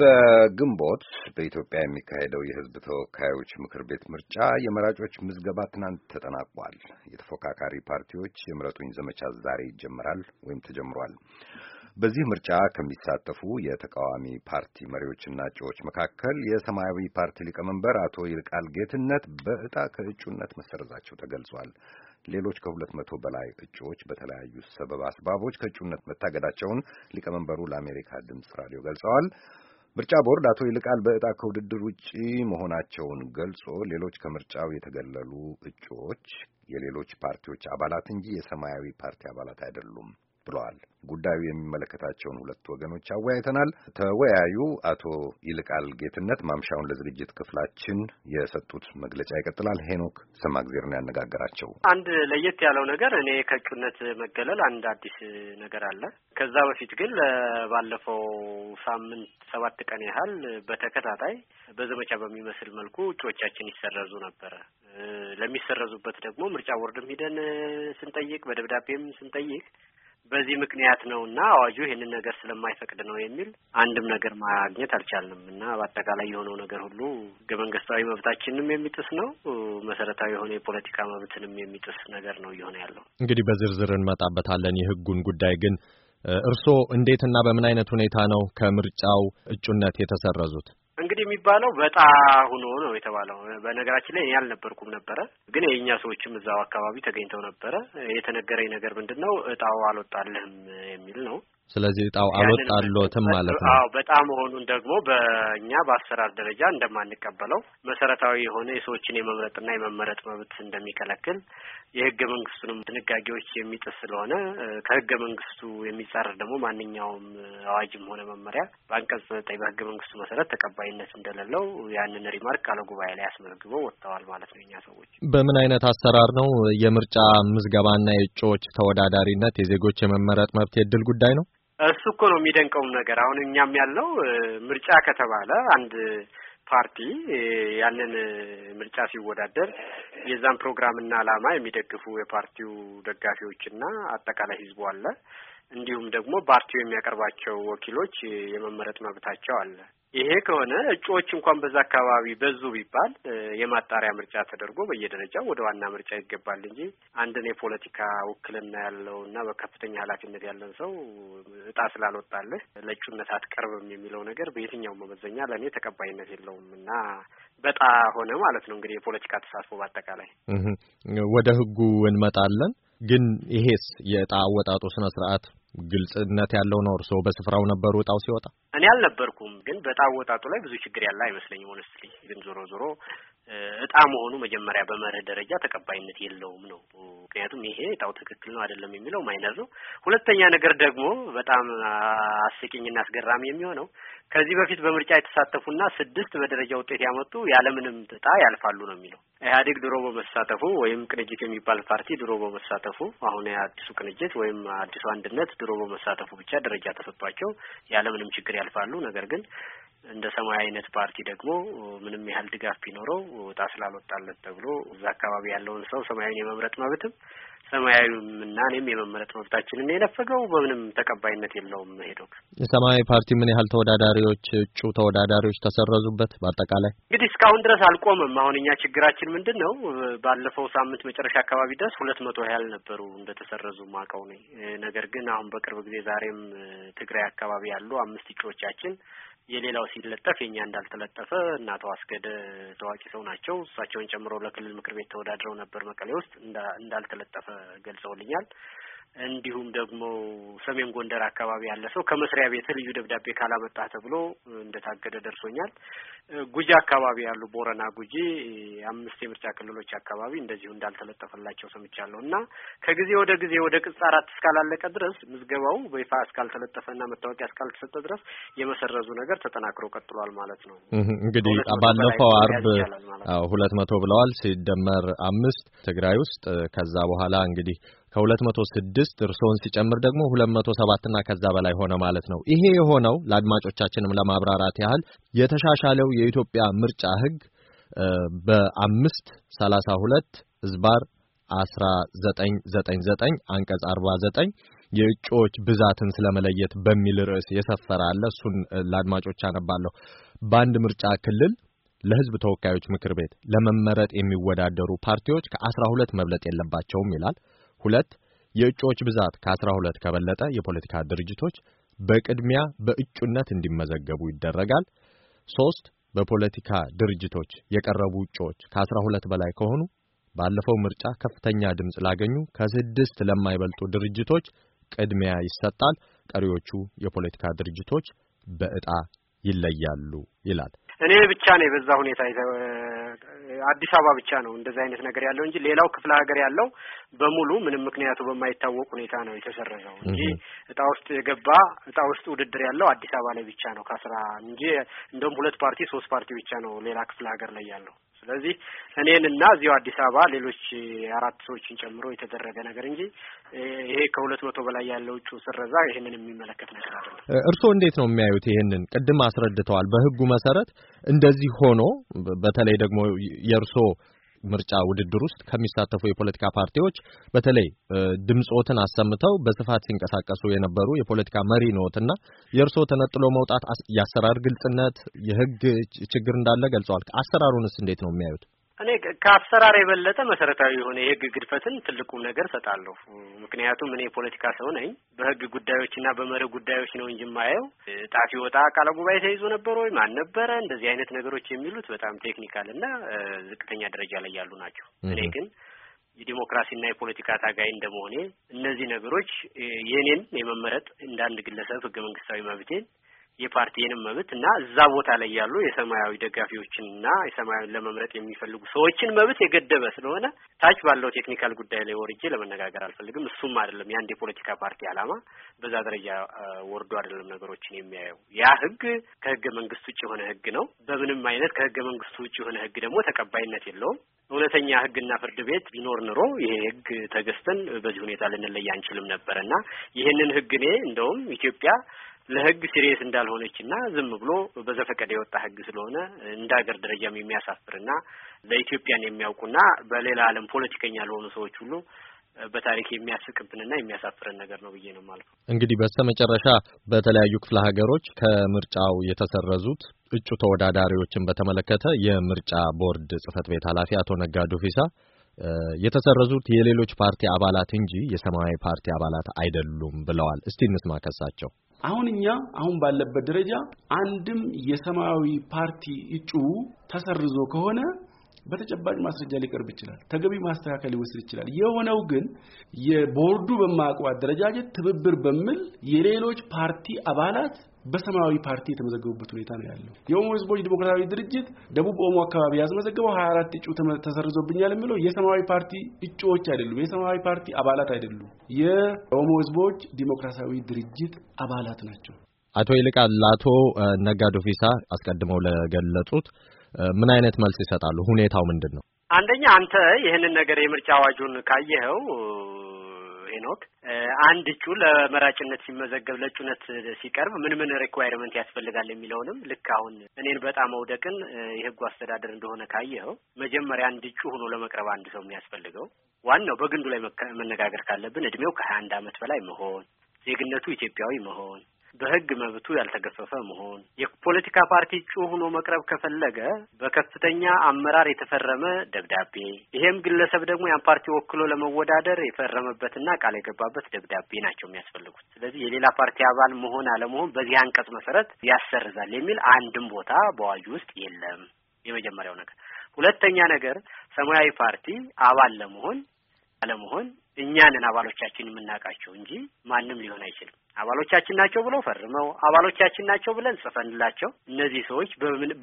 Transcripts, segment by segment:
በግንቦት በኢትዮጵያ የሚካሄደው የሕዝብ ተወካዮች ምክር ቤት ምርጫ የመራጮች ምዝገባ ትናንት ተጠናቋል። የተፎካካሪ ፓርቲዎች የምረጡኝ ዘመቻ ዛሬ ይጀምራል ወይም ተጀምሯል። በዚህ ምርጫ ከሚሳተፉ የተቃዋሚ ፓርቲ መሪዎችና እጩዎች መካከል የሰማያዊ ፓርቲ ሊቀመንበር አቶ ይልቃል ጌትነት በእጣ ከእጩነት መሰረዛቸው ተገልጿል። ሌሎች ከሁለት መቶ በላይ እጩዎች በተለያዩ ሰበብ አስባቦች ከእጩነት መታገዳቸውን ሊቀመንበሩ ለአሜሪካ ድምፅ ራዲዮ ገልጸዋል። ምርጫ ቦርድ አቶ ይልቃል በዕጣ ከውድድር ውጪ መሆናቸውን ገልጾ ሌሎች ከምርጫው የተገለሉ እጩዎች የሌሎች ፓርቲዎች አባላት እንጂ የሰማያዊ ፓርቲ አባላት አይደሉም ብለዋል። ጉዳዩ የሚመለከታቸውን ሁለት ወገኖች አወያይተናል። ተወያዩ አቶ ይልቃል ጌትነት ማምሻውን ለዝግጅት ክፍላችን የሰጡት መግለጫ ይቀጥላል። ሄኖክ ሰማግዜር ነው ያነጋገራቸው። አንድ ለየት ያለው ነገር እኔ ከእጩነት መገለል አንድ አዲስ ነገር አለ። ከዛ በፊት ግን ባለፈው ሳምንት ሰባት ቀን ያህል በተከታታይ በዘመቻ በሚመስል መልኩ እጩዎቻችን ይሰረዙ ነበረ። ለሚሰረዙበት ደግሞ ምርጫ ቦርድም ሂደን ስንጠይቅ፣ በደብዳቤም ስንጠይቅ በዚህ ምክንያት ነው እና አዋጁ ይህንን ነገር ስለማይፈቅድ ነው የሚል አንድም ነገር ማግኘት አልቻልንም እና በአጠቃላይ የሆነው ነገር ሁሉ ህገ መንግስታዊ መብታችንም የሚጥስ ነው፣ መሰረታዊ የሆነ የፖለቲካ መብትንም የሚጥስ ነገር ነው እየሆነ ያለው። እንግዲህ በዝርዝር እንመጣበታለን የህጉን ጉዳይ ግን እርስዎ እንዴትና በምን አይነት ሁኔታ ነው ከምርጫው እጩነት የተሰረዙት? እንግዲህ የሚባለው በጣ ሁኖ ነው የተባለው። በነገራችን ላይ እኔ አልነበርኩም ነበረ፣ ግን የእኛ ሰዎችም እዛው አካባቢ ተገኝተው ነበረ። የተነገረኝ ነገር ምንድን ነው እጣው አልወጣልህም የሚል ነው። ስለዚህ እጣው አልወጣልዎትም ማለት ነው። አዎ በጣም መሆኑን ደግሞ በእኛ በአሰራር ደረጃ እንደማንቀበለው መሰረታዊ የሆነ የሰዎችን የመምረጥና የመመረጥ መብት እንደሚከለክል የህገ መንግስቱንም ድንጋጌዎች የሚጥስ ስለሆነ ከህገ መንግስቱ የሚጻረር ደግሞ ማንኛውም አዋጅም ሆነ መመሪያ በአንቀጽ ዘጠኝ በህገ መንግስቱ መሰረት ተቀባይነት እንደሌለው ያንን ሪማርክ አለ ጉባኤ ላይ አስመዝግበው ወጥተዋል ማለት ነው። እኛ ሰዎች በምን አይነት አሰራር ነው የምርጫ ምዝገባና የእጩዎች ተወዳዳሪነት የዜጎች የመመረጥ መብት የድል ጉዳይ ነው? እሱ እኮ ነው የሚደንቀውም ነገር አሁን እኛም ያለው ምርጫ ከተባለ አንድ ፓርቲ ያንን ምርጫ ሲወዳደር የዛን ፕሮግራምና ዓላማ የሚደግፉ የፓርቲው ደጋፊዎችና አጠቃላይ ህዝቡ አለ። እንዲሁም ደግሞ ፓርቲው የሚያቀርባቸው ወኪሎች የመመረጥ መብታቸው አለ። ይሄ ከሆነ እጩዎች እንኳን በዛ አካባቢ በዙ ቢባል የማጣሪያ ምርጫ ተደርጎ በየደረጃው ወደ ዋና ምርጫ ይገባል እንጂ አንድን የፖለቲካ ውክልና ያለው እና በከፍተኛ ኃላፊነት ያለን ሰው እጣ ስላልወጣልህ ለእጩነት አትቀርብም የሚለው ነገር በየትኛው መመዘኛ ለእኔ ተቀባይነት የለውም እና በጣ ሆነ ማለት ነው እንግዲህ የፖለቲካ ተሳትፎ በአጠቃላይ። ወደ ህጉ እንመጣለን። ግን ይሄስ የእጣ አወጣጡ ስነ ስርዓት ግልጽነት ያለው ነው። እርስዎ በስፍራው ነበሩ እጣው ሲወጣ? እኔ አልነበርኩም፣ ግን በጣም ወጣቱ ላይ ብዙ ችግር ያለ አይመስለኝም። ሆነስትሊ ግን ዞሮ ዞሮ እጣ መሆኑ መጀመሪያ በመርህ ደረጃ ተቀባይነት የለውም ነው። ምክንያቱም ይሄ እጣው ትክክል ነው አይደለም የሚለው ማይነር ነው። ሁለተኛ ነገር ደግሞ በጣም አስቂኝና አስገራሚ የሚሆነው ከዚህ በፊት በምርጫ የተሳተፉና ስድስት በደረጃ ውጤት ያመጡ ያለምንም እጣ ያልፋሉ ነው የሚለው። ኢህአዴግ ድሮ በመሳተፉ ወይም ቅንጅት የሚባል ፓርቲ ድሮ በመሳተፉ አሁን የአዲሱ ቅንጅት ወይም አዲሱ አንድነት ድሮ በመሳተፉ ብቻ ደረጃ ተሰጥቷቸው ያለምንም ችግር ያልፋሉ። ነገር ግን እንደ ሰማያዊ አይነት ፓርቲ ደግሞ ምንም ያህል ድጋፍ ቢኖረው ወጣ ስላልወጣለት ተብሎ እዛ አካባቢ ያለውን ሰው ሰማያዊን የመምረጥ መብትም ሰማያዊም እና እኔም የመመረጥ መብታችንን የነፈገው በምንም ተቀባይነት የለውም። ሄዶክ የሰማያዊ ፓርቲ ምን ያህል ተወዳዳሪዎች እጩ ተወዳዳሪዎች ተሰረዙበት? በአጠቃላይ እንግዲህ እስካሁን ድረስ አልቆምም። አሁን እኛ ችግራችን ምንድን ነው? ባለፈው ሳምንት መጨረሻ አካባቢ ድረስ ሁለት መቶ ያህል ነበሩ እንደተሰረዙ ማቀው ነኝ። ነገር ግን አሁን በቅርብ ጊዜ ዛሬም ትግራይ አካባቢ ያሉ አምስት እጩዎቻችን የሌላው ሲለጠፍ የኛ እንዳልተለጠፈ እና ተዋስገደ ታዋቂ ሰው ናቸው። እሳቸውን ጨምሮ ለክልል ምክር ቤት ተወዳድረው ነበር መቀሌ ውስጥ እንዳልተለጠፈ ገልጸውልኛል። እንዲሁም ደግሞ ሰሜን ጎንደር አካባቢ ያለ ሰው ከመስሪያ ቤት ልዩ ደብዳቤ ካላመጣ ተብሎ እንደታገደ ደርሶኛል። ጉጂ አካባቢ ያሉ ቦረና፣ ጉጂ አምስት የምርጫ ክልሎች አካባቢ እንደዚሁ እንዳልተለጠፈላቸው ሰምቻለሁ እና ከጊዜ ወደ ጊዜ ወደ ቅጽ አራት እስካላለቀ ድረስ ምዝገባው በይፋ እስካልተለጠፈና መታወቂያ እስካልተሰጠ ድረስ የመሰረዙ ነገር ተጠናክሮ ቀጥሏል ማለት ነው። እንግዲህ ባለፈው አርብ ሁለት መቶ ብለዋል ሲደመር አምስት ትግራይ ውስጥ ከዛ በኋላ እንግዲህ ከ206 እርሶን ሲጨምር ደግሞ 207 እና ከዛ በላይ ሆነ ማለት ነው። ይሄ የሆነው ለአድማጮቻችንም ለማብራራት ያህል የተሻሻለው የኢትዮጵያ ምርጫ ሕግ በ 32 ዝባር 1999 አንቀጽ 49 የእጩዎች ብዛትን ስለመለየት በሚል ርዕስ የሰፈረ አለ። እሱን ለአድማጮች አነባለሁ። በአንድ ምርጫ ክልል ለህዝብ ተወካዮች ምክር ቤት ለመመረጥ የሚወዳደሩ ፓርቲዎች ከ12 መብለጥ የለባቸውም ይላል። ሁለት የእጩዎች ብዛት ከአስራ ሁለት ከበለጠ የፖለቲካ ድርጅቶች በቅድሚያ በእጩነት እንዲመዘገቡ ይደረጋል። ሶስት በፖለቲካ ድርጅቶች የቀረቡ እጩዎች ከአስራ ሁለት በላይ ከሆኑ ባለፈው ምርጫ ከፍተኛ ድምፅ ላገኙ ከስድስት ለማይበልጡ ድርጅቶች ቅድሚያ ይሰጣል። ቀሪዎቹ የፖለቲካ ድርጅቶች በእጣ ይለያሉ ይላል። እኔ ብቻ ነው በዛ ሁኔታ አዲስ አበባ ብቻ ነው እንደዚህ አይነት ነገር ያለው እንጂ ሌላው ክፍለ ሀገር ያለው በሙሉ ምንም ምክንያቱ በማይታወቅ ሁኔታ ነው የተሰረዘው እንጂ እጣ ውስጥ የገባ እጣ ውስጥ ውድድር ያለው አዲስ አበባ ላይ ብቻ ነው ከስራ እንጂ እንደውም ሁለት ፓርቲ ሶስት ፓርቲ ብቻ ነው ሌላ ክፍለ ሀገር ላይ ያለው። ስለዚህ እኔንና እዚሁ አዲስ አበባ ሌሎች አራት ሰዎችን ጨምሮ የተደረገ ነገር እንጂ ይሄ ከሁለት መቶ በላይ ያለው እጩ ስረዛ ይህንን የሚመለከት ነገር አይደለም። እርስዎ እንዴት ነው የሚያዩት? ይህንን ቅድም አስረድተዋል። በህጉ መሰረት እንደዚህ ሆኖ በተለይ ደግሞ የእርስዎ ምርጫ ውድድር ውስጥ ከሚሳተፉ የፖለቲካ ፓርቲዎች በተለይ ድምጾትን አሰምተው በስፋት ሲንቀሳቀሱ የነበሩ የፖለቲካ መሪ ነዎትና የእርስዎ ተነጥሎ መውጣት የአሰራር ግልጽነት፣ የህግ ችግር እንዳለ ገልጸዋል። አሰራሩንስ እንዴት ነው የሚያዩት? እኔ ከአሰራር የበለጠ መሰረታዊ የሆነ የህግ ግድፈትን ትልቁም ነገር እሰጣለሁ። ምክንያቱም እኔ የፖለቲካ ሰው ነኝ። በህግ ጉዳዮችና በመርህ ጉዳዮች ነው እንጂ የማየው ጣፊ ወጣ ቃለ ጉባኤ ተይዞ ነበር ወይ ማን ነበረ፣ እንደዚህ አይነት ነገሮች የሚሉት በጣም ቴክኒካል እና ዝቅተኛ ደረጃ ላይ ያሉ ናቸው። እኔ ግን የዲሞክራሲና የፖለቲካ ታጋይ እንደመሆኔ እነዚህ ነገሮች የእኔን የመመረጥ እንደ አንድ ግለሰብ ህገ መንግስታዊ መብቴን የፓርቲንም መብት እና እዛ ቦታ ላይ ያሉ የሰማያዊ ደጋፊዎችንና የሰማያዊን ለመምረጥ የሚፈልጉ ሰዎችን መብት የገደበ ስለሆነ ታች ባለው ቴክኒካል ጉዳይ ላይ ወርጄ ለመነጋገር አልፈልግም። እሱም አይደለም የአንድ የፖለቲካ ፓርቲ ዓላማ። በዛ ደረጃ ወርዶ አይደለም ነገሮችን የሚያየው። ያ ህግ ከህገ መንግስት ውጭ የሆነ ህግ ነው። በምንም አይነት ከህገ መንግስት ውጭ የሆነ ህግ ደግሞ ተቀባይነት የለውም። እውነተኛ ህግና ፍርድ ቤት ቢኖር ኑሮ ይሄ ህግ ተገዝተን በዚህ ሁኔታ ልንለይ አንችልም ነበረ እና ይህንን ህግ እኔ እንደውም ኢትዮጵያ ለህግ ሲሪየስ እንዳልሆነችና ዝም ብሎ በዘፈቀደ የወጣ ህግ ስለሆነ እንደ ሀገር ደረጃም የሚያሳፍርና ለኢትዮጵያን የሚያውቁና በሌላ ዓለም ፖለቲከኛ ለሆኑ ሰዎች ሁሉ በታሪክ የሚያስቅብንና የሚያሳፍረን ነገር ነው ብዬ ነው ማለት ነው። እንግዲህ መጨረሻ በተለያዩ ክፍለ ሀገሮች ከምርጫው የተሰረዙት እጩ ተወዳዳሪዎችን በተመለከተ የምርጫ ቦርድ ጽህፈት ቤት ኃላፊ አቶ ነጋዶ ፊሳ የተሰረዙት የሌሎች ፓርቲ አባላት እንጂ የሰማያዊ ፓርቲ አባላት አይደሉም ብለዋል። እስቲ እንስማ ከሳቸው አሁን እኛ አሁን ባለበት ደረጃ አንድም የሰማያዊ ፓርቲ እጩ ተሰርዞ ከሆነ በተጨባጭ ማስረጃ ሊቀርብ ይችላል። ተገቢ ማስተካከል ሊወስድ ይችላል። የሆነው ግን የቦርዱ በማያውቀው አደረጃጀት ትብብር በሚል የሌሎች ፓርቲ አባላት በሰማያዊ ፓርቲ የተመዘገቡበት ሁኔታ ነው ያለው። የኦሞ ህዝቦች ዲሞክራሲያዊ ድርጅት ደቡብ ኦሞ አካባቢ ያስመዘገበው 24 እጩ ተሰርዞብኛል የሚለው የሰማያዊ ፓርቲ እጩዎች አይደሉም፣ የሰማያዊ ፓርቲ አባላት አይደሉም። የኦሞ ህዝቦች ዲሞክራሲያዊ ድርጅት አባላት ናቸው። አቶ ይልቃል ለአቶ ነጋዶ ፊሳ አስቀድመው ለገለጹት ምን አይነት መልስ ይሰጣሉ? ሁኔታው ምንድን ነው? አንደኛ አንተ ይህንን ነገር የምርጫ አዋጁን ካየኸው ሄኖክ አንድ እጩ ለመራጭነት ሲመዘገብ ለእጩነት ሲቀርብ ምን ምን ሪኳየርመንት ያስፈልጋል የሚለውንም ልክ አሁን እኔን በጣም አውደቅን የህጉ አስተዳደር እንደሆነ ካየኸው መጀመሪያ አንድ እጩ ሆኖ ለመቅረብ አንድ ሰው የሚያስፈልገው ዋናው በግንዱ ላይ መነጋገር ካለብን እድሜው ከሀያ አንድ አመት በላይ መሆን፣ ዜግነቱ ኢትዮጵያዊ መሆን በህግ መብቱ ያልተገፈፈ መሆን፣ የፖለቲካ ፓርቲ እጩ ሆኖ መቅረብ ከፈለገ በከፍተኛ አመራር የተፈረመ ደብዳቤ፣ ይሄም ግለሰብ ደግሞ ያን ፓርቲ ወክሎ ለመወዳደር የፈረመበትና ቃል የገባበት ደብዳቤ ናቸው የሚያስፈልጉት። ስለዚህ የሌላ ፓርቲ አባል መሆን አለመሆን በዚህ አንቀጽ መሰረት ያሰርዛል የሚል አንድም ቦታ በአዋጁ ውስጥ የለም። የመጀመሪያው ነገር። ሁለተኛ ነገር ሰማያዊ ፓርቲ አባል ለመሆን አለመሆን እኛንን አባሎቻችን የምናውቃቸው እንጂ ማንም ሊሆን አይችልም። አባሎቻችን ናቸው ብለው ፈርመው አባሎቻችን ናቸው ብለን ጽፈንላቸው እነዚህ ሰዎች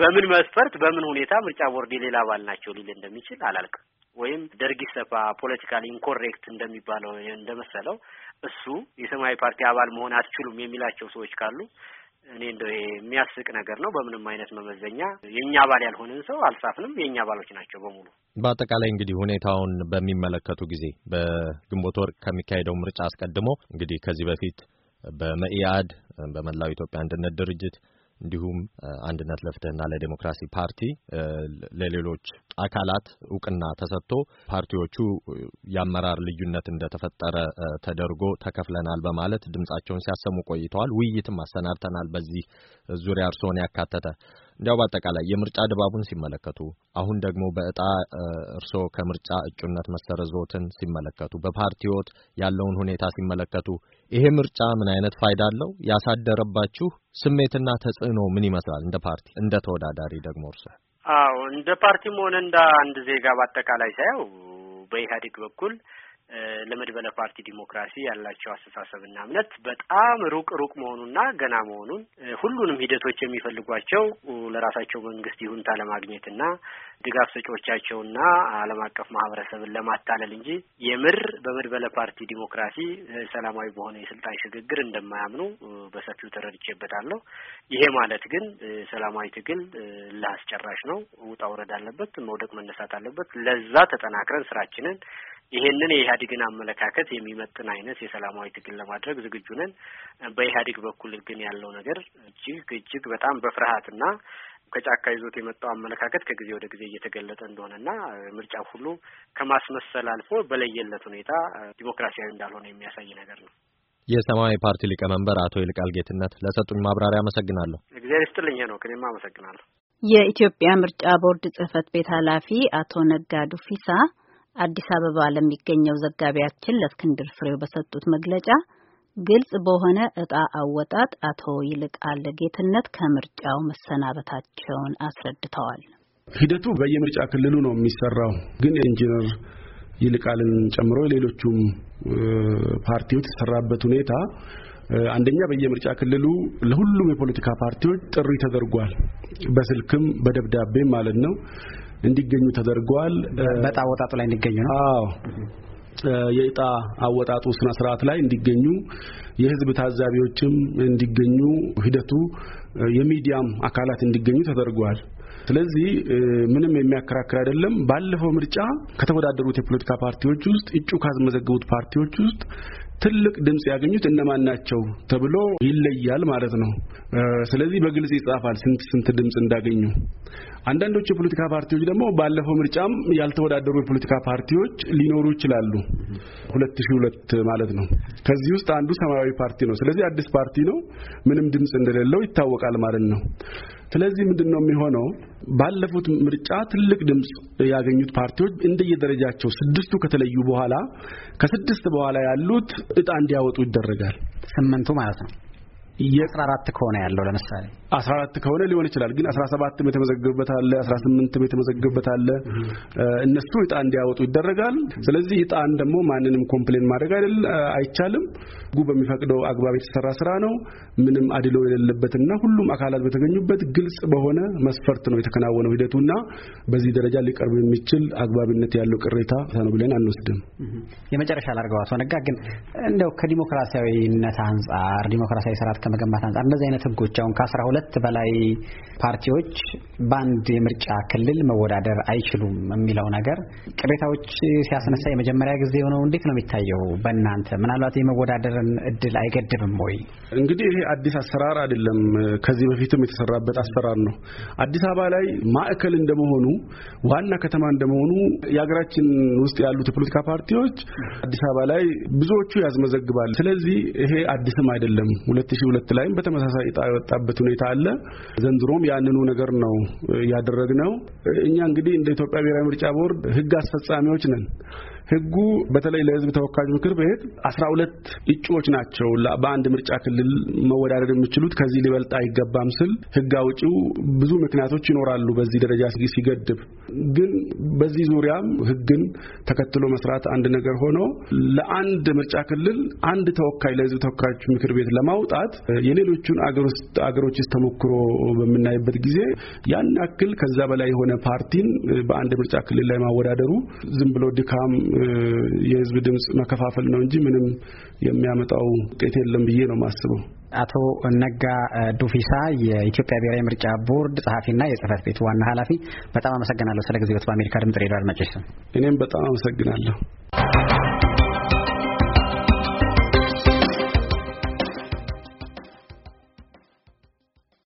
በምን መስፈርት በምን ሁኔታ ምርጫ ቦርድ የሌላ አባል ናቸው ሊል እንደሚችል አላልቅም። ወይም ደርግ ኢሰፓ ፖለቲካል ኢንኮሬክት እንደሚባለው እንደመሰለው እሱ የሰማያዊ ፓርቲ አባል መሆን አትችሉም የሚላቸው ሰዎች ካሉ እኔ እንደ የሚያስቅ ነገር ነው። በምንም አይነት መመዘኛ የእኛ አባል ያልሆንን ሰው አልጻፍንም። የእኛ አባሎች ናቸው በሙሉ። በአጠቃላይ እንግዲህ ሁኔታውን በሚመለከቱ ጊዜ በግንቦት ወር ከሚካሄደው ምርጫ አስቀድሞ እንግዲህ ከዚህ በፊት በመኢአድ በመላው ኢትዮጵያ አንድነት ድርጅት እንዲሁም አንድነት ለፍትህና ለዴሞክራሲ ፓርቲ ለሌሎች አካላት እውቅና ተሰጥቶ ፓርቲዎቹ የአመራር ልዩነት እንደተፈጠረ ተደርጎ ተከፍለናል በማለት ድምጻቸውን ሲያሰሙ ቆይተዋል። ውይይትም አሰናድተናል በዚህ ዙሪያ እርስዎን ያካተተ እንዲያው በአጠቃላይ የምርጫ ድባቡን ሲመለከቱ አሁን ደግሞ በእጣ እርሶ ከምርጫ እጩነት መሰረዞትን ሲመለከቱ በፓርቲዎት ያለውን ሁኔታ ሲመለከቱ ይሄ ምርጫ ምን አይነት ፋይዳ አለው? ያሳደረባችሁ ስሜትና ተጽዕኖ ምን ይመስላል? እንደ ፓርቲ፣ እንደ ተወዳዳሪ ደግሞ እርሶ? አዎ እንደ ፓርቲም ሆነ እንደ አንድ ዜጋ በአጠቃላይ ሳየው በኢህአዴግ በኩል ለመድበለ ፓርቲ ዲሞክራሲ ያላቸው አስተሳሰብና እምነት በጣም ሩቅ ሩቅ መሆኑና ገና መሆኑን ሁሉንም ሂደቶች የሚፈልጓቸው ለራሳቸው መንግስት ይሁንታ ለማግኘትና ድጋፍ ሰጪዎቻቸውና ዓለም አቀፍ ማህበረሰብን ለማታለል እንጂ የምር በመድበለ ፓርቲ ዲሞክራሲ ሰላማዊ በሆነ የስልጣን ሽግግር እንደማያምኑ በሰፊው ተረድቼበታለሁ። ይሄ ማለት ግን ሰላማዊ ትግል ለአስጨራሽ ነው። ውጣ ውረድ አለበት። መውደቅ መነሳት አለበት። ለዛ ተጠናክረን ስራችንን ይሄንን የኢህአዴግን አመለካከት የሚመጥን አይነት የሰላማዊ ትግል ለማድረግ ዝግጁ ነን። በኢህአዴግ በኩል ግን ያለው ነገር እጅግ እጅግ በጣም በፍርሃትና ከጫካ ይዞት የመጣው አመለካከት ከጊዜ ወደ ጊዜ እየተገለጠ እንደሆነና ምርጫው ሁሉ ከማስመሰል አልፎ በለየለት ሁኔታ ዲሞክራሲያዊ እንዳልሆነ የሚያሳይ ነገር ነው። የሰማያዊ ፓርቲ ሊቀመንበር አቶ ይልቃል ጌትነት ለሰጡኝ ማብራሪያ አመሰግናለሁ። እግዚአብሔር ይስጥልኝ ነው። ክኔማ አመሰግናለሁ። የኢትዮጵያ ምርጫ ቦርድ ጽህፈት ቤት ኃላፊ አቶ ነጋ ፊሳ አዲስ አበባ ለሚገኘው ዘጋቢያችን ለእስክንድር ፍሬው በሰጡት መግለጫ ግልጽ በሆነ እጣ አወጣጥ አቶ ይልቃል ጌትነት ከምርጫው መሰናበታቸውን አስረድተዋል። ሂደቱ በየምርጫ ክልሉ ነው የሚሰራው። ግን ኢንጂነር ይልቃልን ጨምሮ ሌሎቹም ፓርቲዎች የተሰራበት ሁኔታ አንደኛ በየምርጫ ክልሉ ለሁሉም የፖለቲካ ፓርቲዎች ጥሪ ተደርጓል። በስልክም በደብዳቤም ማለት ነው። እንዲገኙ ተደርጓል። በዕጣ አወጣጡ ላይ እንዲገኙ ነው። አዎ የዕጣ አወጣጡ ስነ ስርዓት ላይ እንዲገኙ የህዝብ ታዛቢዎችም እንዲገኙ ሂደቱ የሚዲያም አካላት እንዲገኙ ተደርጓል። ስለዚህ ምንም የሚያከራክር አይደለም። ባለፈው ምርጫ ከተወዳደሩት የፖለቲካ ፓርቲዎች ውስጥ እጩ ካስመዘገቡት ፓርቲዎች ውስጥ ትልቅ ድምጽ ያገኙት እነማን ናቸው ተብሎ ይለያል ማለት ነው። ስለዚህ በግልጽ ይጻፋል ስንት ስንት ድምጽ እንዳገኙ። አንዳንዶቹ የፖለቲካ ፓርቲዎች ደግሞ ባለፈው ምርጫም ያልተወዳደሩ የፖለቲካ ፓርቲዎች ሊኖሩ ይችላሉ። ሁለት ማለት ነው። ከዚህ ውስጥ አንዱ ሰማያዊ ፓርቲ ነው። ስለዚህ አዲስ ፓርቲ ነው፣ ምንም ድምፅ እንደሌለው ይታወቃል ማለት ነው። ስለዚህ ምንድን ነው የሚሆነው? ባለፉት ምርጫ ትልቅ ድምፅ ያገኙት ፓርቲዎች እንደየደረጃቸው ስድስቱ ከተለዩ በኋላ ከስድስት በኋላ ያሉት እጣ እንዲያወጡ ይደረጋል። ስምንቱ ማለት ነው። የአስራ አራት ከሆነ ያለው ለምሳሌ አስራ አራት ከሆነ ሊሆን ይችላል። ግን አስራ ሰባትም የተመዘገበበት አለ፣ አስራ ስምንትም የተመዘገበበት አለ። እነሱ እጣ እንዲያወጡ ይደረጋል። ስለዚህ እጣን ደግሞ ማንንም ኮምፕሌን ማድረግ አይደል አይቻልም። ሕጉ በሚፈቅደው አግባብ የተሰራ ስራ ነው። ምንም አድሎ የሌለበትና ሁሉም አካላት በተገኙበት ግልጽ በሆነ መስፈርት ነው የተከናወነው ሂደቱና በዚህ ደረጃ ሊቀርብ የሚችል አግባብነት ያለው ቅሬታ ነው ብለን አንወስድም። የመጨረሻ ላርገዋት ወነጋ ግን እንደው ከዲሞክራሲያዊነት አንጻር ዲሞክራሲያዊ ስርዓት ከመገንባት አንጻር እንደዚህ አይነት ህጎች አሁን ከአስራ ሁለት በላይ ፓርቲዎች በአንድ የምርጫ ክልል መወዳደር አይችሉም የሚለው ነገር ቅሬታዎች ሲያስነሳ የመጀመሪያ ጊዜ የሆነው እንዴት ነው የሚታየው? በእናንተ ምናልባት የመወዳደርን እድል አይገድብም ወይ? እንግዲህ ይሄ አዲስ አሰራር አይደለም። ከዚህ በፊትም የተሰራበት አሰራር ነው። አዲስ አበባ ላይ ማዕከል እንደመሆኑ ዋና ከተማ እንደመሆኑ የሀገራችን ውስጥ ያሉት የፖለቲካ ፓርቲዎች አዲስ አበባ ላይ ብዙዎቹ ያስመዘግባል። ስለዚህ ይሄ አዲስም አይደለም። ሁለት ላይም በተመሳሳይ እጣ የወጣበት ሁኔታ አለ። ዘንድሮም ያንኑ ነገር ነው ያደረግነው። እኛ እንግዲህ እንደ ኢትዮጵያ ብሔራዊ ምርጫ ቦርድ ህግ አስፈጻሚዎች ነን። ህጉ በተለይ ለህዝብ ተወካዮች ምክር ቤት አስራ ሁለት እጩዎች ናቸው በአንድ ምርጫ ክልል መወዳደር የሚችሉት ከዚህ ሊበልጥ አይገባም ስል ህግ አውጪው ብዙ ምክንያቶች ይኖራሉ በዚህ ደረጃ ሲገድብ። ግን በዚህ ዙሪያም ህግን ተከትሎ መስራት አንድ ነገር ሆኖ ለአንድ ምርጫ ክልል አንድ ተወካይ ለህዝብ ተወካዮች ምክር ቤት ለማውጣት የሌሎቹን አገሮች ተሞክሮ በምናይበት ጊዜ ያን ያክል ከዛ በላይ የሆነ ፓርቲን በአንድ ምርጫ ክልል ላይ ማወዳደሩ ዝም ብሎ ድካም የህዝብ ድምፅ መከፋፈል ነው እንጂ ምንም የሚያመጣው ውጤት የለም ብዬ ነው የማስበው። አቶ ነጋ ዱፊሳ የኢትዮጵያ ብሔራዊ ምርጫ ቦርድ ጸሐፊና የጽህፈት ቤቱ ዋና ኃላፊ፣ በጣም አመሰግናለሁ ስለ ጊዜዎት። በአሜሪካ ድምጽ ሬዲዮ አድማጮች ስም እኔም በጣም አመሰግናለሁ።